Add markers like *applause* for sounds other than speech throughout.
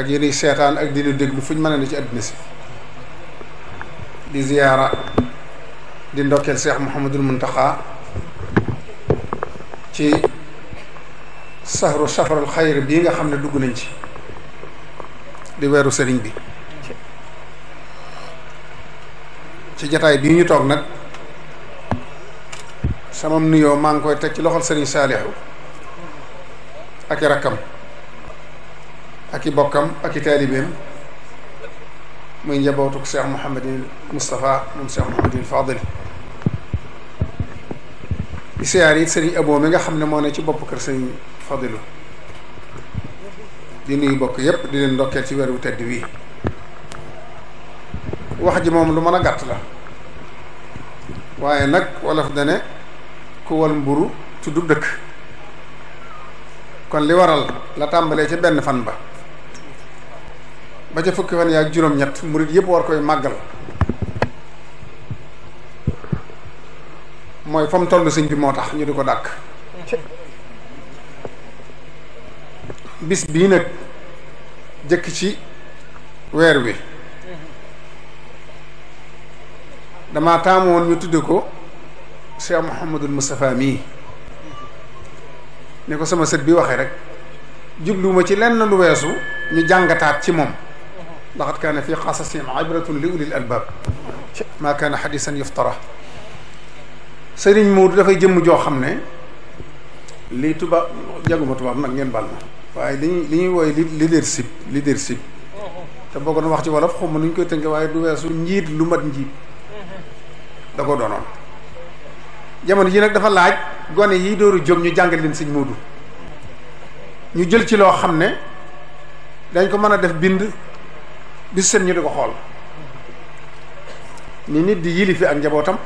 ak yéen seetaan ak di nu déglu fu ñu mën a ne ci àddina si di ziyaara di ndokkeel Seex Muhammadul Muntaxa ci sahru safarul xayr bii nga xam ne dugg nañ ci di weeru sëriñ bi ci jataay bii ñu toog nag sama nuyoo maa ngi koy teg ci loxol sëriñ Saalihu ak i rakkam ak i bokkam ak i taalibeem muy njabootuk Cheikh Mouhamadin Moustapha moom Cheikh Mouhamadin Fadil di siyaar it sëriñ Abo mi nga xam ne moo ne ci bopp kër sëriñ Fadilu di nuyu bokk yépp di leen ndokkeel ci weeru tedd wi wax ji moom lu mën a gàtt la waaye nag wolof dane ku wal mburu tudd dëkk kon li waral la tàmbalee ca benn fan ba ba ca fukki fan yaak juróom-ñett murit yëpp war koy màggal mooy fa mu toll sëñ bi moo tax ñu di ko dàkk bis bii nag jëkk ci weer wi dama taamu woon ñu tudde ko Cheikh Mouhamadul Moustapha mii ne ko sama set bi waxee rek jubluwuma ci lenn lu weesu ñu jàngataat ci moom laqad kaana fi qasasihim ibratun li ulil albab maa kaana hadisan yuftara sëriñ dafay jëmm joo xam ne lii tubaab jaguma tubaab nag ngeen baal ma waaye li ñuy li ñuy woy leadership leadership te boo ko doon wax ci wolof xaw ma nu ñu koy tënke waaye du weesu njiit lu mat njiit da ko doonoon jamono ji nag dafa laaj gone yi dooru jóg ñu jàngal leen sëñ Moodu ñu jël ci loo xam ne dañ ko mën a def bind bis seen ñu di ko xool ni nit di yilife ak njabootam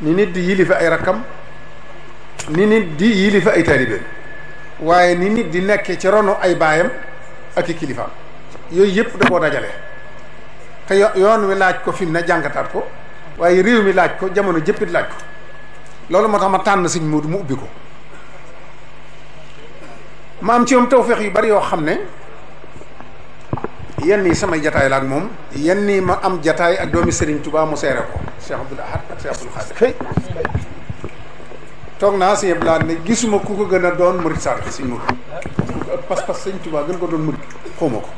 ni nit di yilife ay rakkam ni nit di yilife ay taalibeem waaye ni nit di nekkee ci ronu ay baayam ak i kilifaam yooyu yëpp da dajale te yoon wi laaj ko fi na ne jàngataat ko waaye réew mi laaj ko jamono jëppit laaj ko loolu moo tax ma tànn sëñ Moodu mu ubbi ko ma am ci yoom tawféex yu bari yoo xam ne yenn yi samay jataay la ak moom yenn yi ma am jataay ak doomi Serigne tubaa mu seere ko Cheikh Abdoul Ahad ak Cheikh Abdoul Khadir toog naa sëñ Abdoulaye ne gisuma ku ko gën a doon murid sàrdi sëñ Mouride parce sëñ Touba gën ko doon murid xawma ko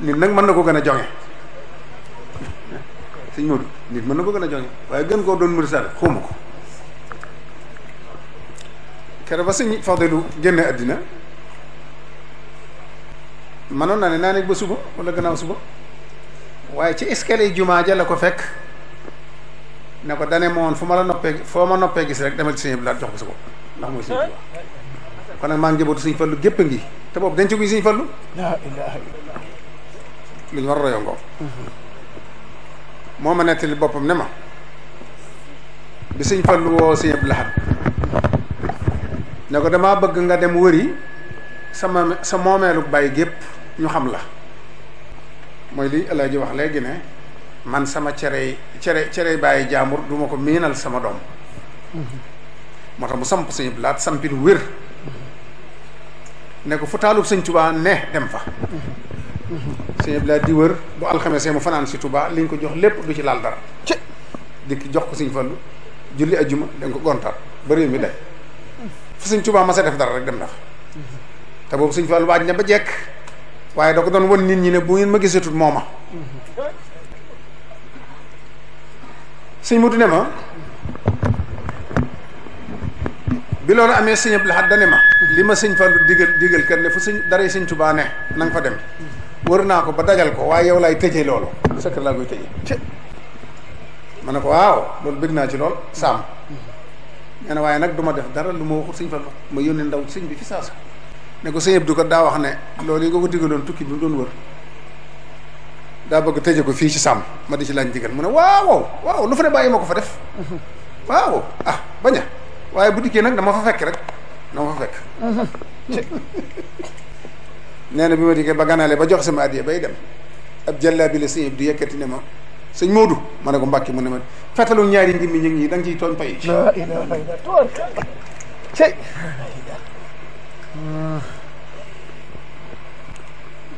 nit nag mën na ko gën a joŋe sëñ Mouride nit mën na ko gën a joŋe waaye gën koo doon murid sàrdi xawma ko keroog ba sëñ Fadilou génne àddina mënoon na ne naa ne ba suba wala gannaaw suba waaye ci escalier jumaa ja la ko fekk ne ko dane moon fu ma la noppee foo ma noppee gis rek demal ci sëñ bi laa jox ko sa ndax mooy sëñ Tuubaa kon maa ngi jëbootu suñ fallu gépp ngi te boobu denc guñ suñ fallu la war a royo moo ma nettali boppam ne ma bi suñ fallu woo sëñ Abdou ne ko damaa bëgg nga dem wëri sama sa moomeelu bàyyi gépp ñu xam la mooy li El ji wax léegi ne man sama cere cere cere bàyyi jaambur du ma ko miinal sama doom moo tax mu samp sëñ bi laat sampi wér ne ko fu taalub sëñ Tuubaa ne dem fa sëñ bi laat di wër bu alxamesee mu fanaan si Tuubaa liñ ko jox lépp du ci laal dara dikk jox ko sëñ Fallu julli ajjuma dañ ko gontal ba réew mi day fu sëñ Tuubaa ma sa def dara rek dem na fa te boobu sëñ Fallu waaj na ba jekk waaye da ko doon won nit ñi ne bu ngeen ma gisatul mooma sëñ mutu ne ma bi loolu amee sëñ Abdul da dane ma li ma sëñ Fallu digal digal kër ne fu sëñ daree sëñ ne na nga fa dem wër naa ko ba dajal ko waaye yow laay tëjee loolu sa kër laa ma ne ko waaw loolu bëgg naa ci lool saam mm-hmm. nee waaye nag du def dara lu ma waxut sëñ Fallu ma yónnee ndaw sëñ bi fi saasa ne ko sëñ Abdou kat daa wax ne loolu yi nga ko digaloon tukki bi mu doon wër daa bëgg tëje ko fii ci sàmm ma di ci laaj ndigal mu ne waaw waaw lu fa ne bàyyi ma ko fa def *laughs* waaw ah baña waaye bu dikkee nag dama fa fekk rek dama fa fekk *laughs* nee na bi ma dikkee ba ganaale ba jox sama addiya bay dem ab jàllaa bi la sëñ Abdou yëkkati ne ma sëñ Modou ma ne ko Mbàkke mu ne ma fettalul ñaari ndimmi ñu ngi da nga ciy tooñ pay ci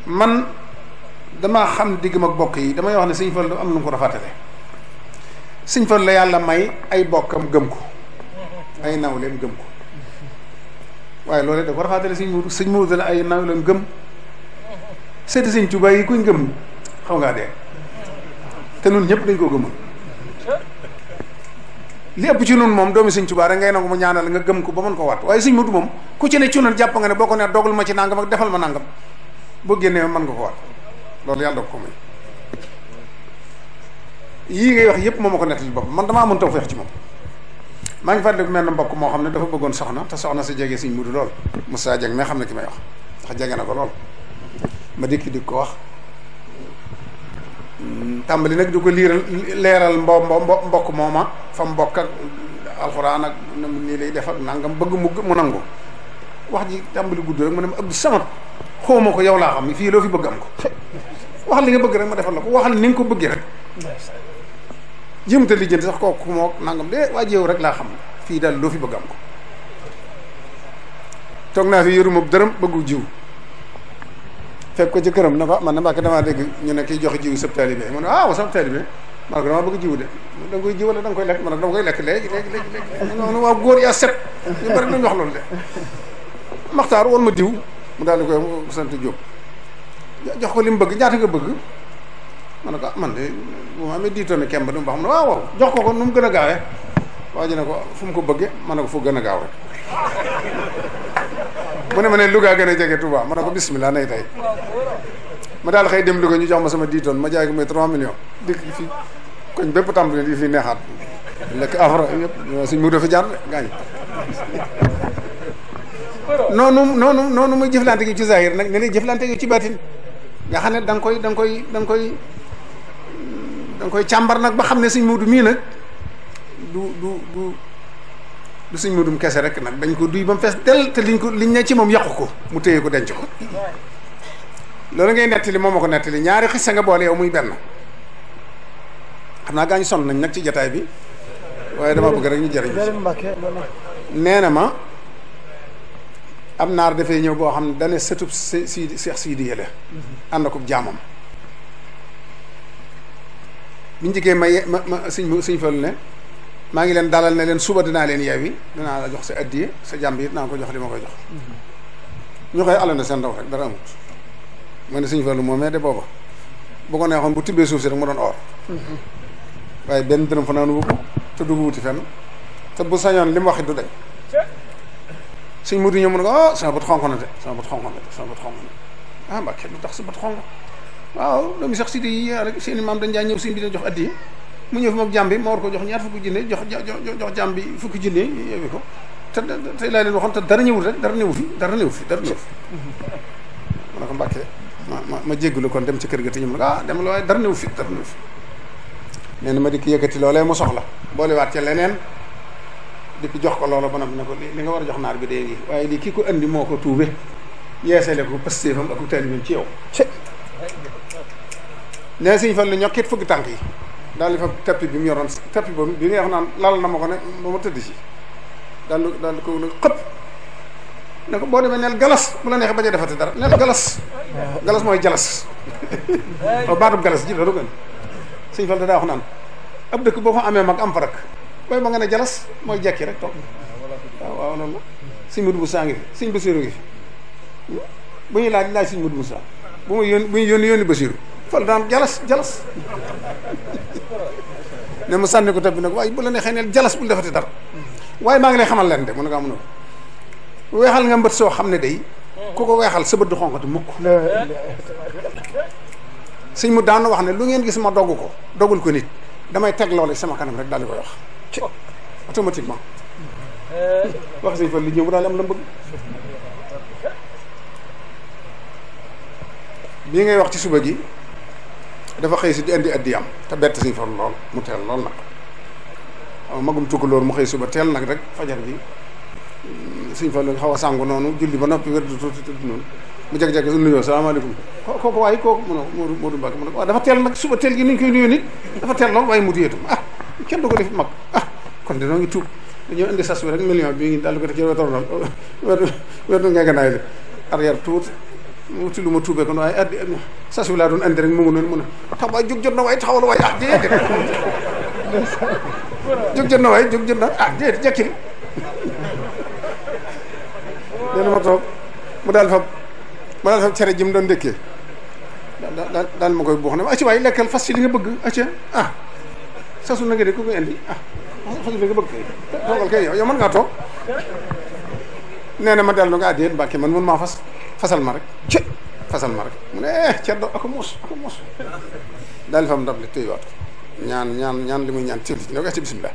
man damaa xam diggam ak bokk yi damay wax ne sëñ Fallu am lu mu ko rafatale sëñ Fallu la yàlla may ay bokkam gëm ko ay nawleem gëm ko waaye loolee de ko rafatale sëñ Mudu sëñ Mudu la ay nawleem gëm seeti sëñ Tuubaa yi kuñ gëm xaw ngaa dee te noonu ñëpp dañ koo gëmoon lépp ëpp ci nun moom doomi sëñ Tuubaa rek ngay nangu mu ñaanal nga gëm ko ba mën ko wat waaye sëñ Mudu moom ku ci ne ci nun jàpp nga ne boo ko ne dogal ma ci nangam ak defal ma nangam boo génnee man nga ko wat loolu yàlla ko may yii ngay wax yëpp moom ma ko nettali bopp man damaa amoon tawfeex ci moom maa ngi fàttaliku mel na mbokk moo xam ne dafa bëggoon soxna te soxna si jege sëñ Mudu lool Moussa Dieng mais xam ne ki may wax ndax jege na ko lool ma dikk di ko wax tàmbali nag di ko liiral leeral mbo mbo mbokk mooma fa mbokk ak alxuraan ak nii lay def nangam bëgg mu mu nangu wax ji tàmbali gudd rek mu ne ma Abdou Samad xawma ko yow laa xam fii loo bëgg am ko waxal li bëgg rek ma defal la ko waxal ni nga ko bëggee rek jëm te sax kooku moo nangam de waa rek laa xam fii daal loo fi bëgg am ko toog naa fi yëruma dërëm bëggu jiw fekk ko ci këram na ko ah, man na Mbàkke damaa dégg ñu ne kiy joxe jiwu sab taalibe mu ne ah sab taalibe man ko damaa bëgg jiwu de da koy jiw wala da koy lekk man dama koy lekk léegi léegi léegi léegi ma ne waaw góor yaa set ñu bari loolu de maxtaar woon ma diw mu daal di koy sant Jóob jox ko li mu bëgg ñaata nga bëgg ma ne ah, man de bu ma amee diitoon ne kemb du mu baax ma ne ah, waaw jox ko ko nu mu gën a gaawee waa ji ne ko fu mu ko bëggee ma ne ko fu gën a gaaw rek mu ne ma ne Louga gën a jege Touba ma ne ko bismillah nay tey ma daal xëy dem Louga ñu jox ma sama dix tonnes ma jaay ko muy trois millions dëkk fi koñ bépp tàmbali di fi neexaat lekk afra yëpp suñ mu dafa jaar gaañ noonu noonu noonu ci zahir nag ne lay jëflante gi ci batin nga xam ne da koy danga koy danga nga koy càmbar nag ba xam ne suñ muudu mii nag du du du du sëñ Modou kese rek nag dañ ko duy ba mu fees del te liñ ko liñ ne ci moom yàqu ko mu téye ko denc ko loolu ngay nettali moom ma ko nettali ñaari xissa nga boole yow muy benn xam naa gaa sonn nañ nag ci jataay bi waaye dama bëgg rek ñu jëriñ nee na ma am naar dafay ñëw boo xam ne dane sëtub si si seex sii di yële mhm. ànd ko jaamam biñ njëkkee ma ma ma sëñ sëñ Fallu ne maa ngi leen dalal ne leen suba dinaa leen yeewi dinaa la jox sa addiye sa jàmb it naa ko jox li ma koy jox ñu koy alal na seen ndaw rek dara amut ma ne suñu fallu moo mais de booba bu ko neexoon bu tibbee suuf si rek mu doon or waaye benn dërëm fanaan wu te du wuti fenn te bu sañoon li mu wax it du dañ suñ muti ñëw mun ko ah sama bët xonq na de sama bët xonq na de sama bët xonq na ah mbaa kenn tax sa bët xonq waaw doomi sax si di yi rek seen i dañ daan ñëw si bi da jox addiye mu ñëw fi mook jàmm ma war ko jox ñaar fukki junne jox jox jàmm bi fukki junne yóbbu ko te tey dara ñëwul rek dara ñëw fi dara ñëw fi dara ñëw fi ma ne ko mbàkkee ma ma ma jéggulu kon dem ci kër ga te ñu mën ah dem la waaye dara ñëw fi dara ñëw fi nee na ma dikk yëkkati loolee mu soxla boolewaat ca leneen dikk jox ko loola ba noppi ne ko li nga war a jox naar bi dee ngi waaye li ki ko andi moo ko tuube yeesale ko pastéefam ak taalibeem ci yow nee sëñ fan lu ñokkit fukki tànk yi daal di fa tapis bi mu yoroon tapis boobu bi nga wax naan lal na ma ko ne ba ma tëdd si daal di daal ko nag xëpp ne ko boo demee neel galas bu la neexee bañ a defati dara neel galas galas mooy jalas *laughs* waaw baatub galas ji la dugal sëñ Fall da daa wax ab dëkk boo fa amee mag am fa rek booy ba nga ne jalas mooy jekki rek toog waaw waaw loolu la sëñ Modou ngi fi sëñ Bassirou ngi fi bu ñuy laaj laaj sëñ Modou Moussa bu muy yónni bu ñuy yónni yónni Bassirou fal daan jalas jalas ne ma sànni ko tab bi nag waaye bu la neexee neel jalas bul defati dara waaye maa ngi lay xamal leen de mun nga mun a weexal nga mbët soo xam ne day ku ko weexal sa bët du xonqati mukk sëñ mu daan wax ne lu ngeen gis ma dogg ko dogul ko nit damay teg loole sama kanam rek daal di koy wax automatiquement eh. li ñëw mu la bëgg bii ngay wax ci suba gi dafa xëy si di indi addiyam te bett si fan lool mu teel lool nag waaw magum tukk loolu mu xëy suba teel nag rek fajar bi mm, suñ fa loolu xaw a sàngu noonu julli ba noppi wér du tuuti tuuti noonu mu jeg-jeg nuyoo salaamaaleykum kooku waaye kooku mu mu ne teel nag suba teel gi ni ñu koy nuyoo nit dafa teel lool waaye mu diyeetum ah kenn du ko def mag ah kon dinoo indi sas bi rek million bi ngi daal di ko def ci lu ma tuubee kon waaye addi sas bi laa doon andi rek mu ngi noonu mu ne tax waay jóg jot na waay taxawal waay ah déedéet jug na waay jug jot na ah déedéet jekkil leen ma mu daal fa mu daal mu koy buux ne ma acca waay lekkal li nga bëgg acca ah sasu na nga de ku koy ma mun maa fas fasal ma rek fasal ma rek mu ne eh ceddo ako muus ako muus daal di fa am ndab ñaan ñaan ñaan li muy ñaan cëli ci ne ko eh, ci bisimilah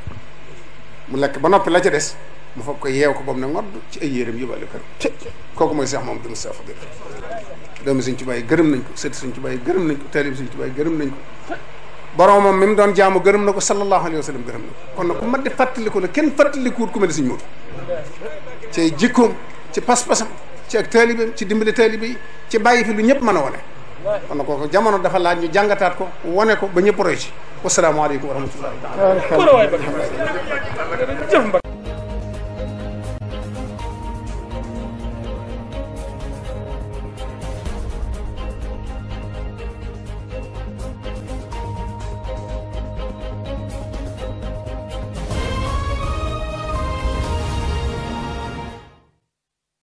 mu lekk ba noppi la ca des mu foog ko yeew ko boobu ne ngodd ci ay yéeram yóbbaale kër ci kooku mooy Seex Mamadu Mustafaa Fadil doomi Sëñ Tuubaa nañ ko sët Sëñ Tuubaa yi gërëm nañ ko taalib Sëñ Tuubaa yi gërëm nañ ko boromam mi mu doon jaamu gërëm na ko sallallahu alayhi wa sallam gërëm na ko kon nag ku kenn fàttalikuwut ku mel ne ci jikkoom ci pas-pasam ci ak taalibe ci dimbali taalibe yi ci bàyyi fi lu ñëpp mën a wane kon ko kooku jamono dafa laaj ñu jàngataat ko wone ko ba ñëpp roy ci wasalaamaaleykum wa rahmatullahi taala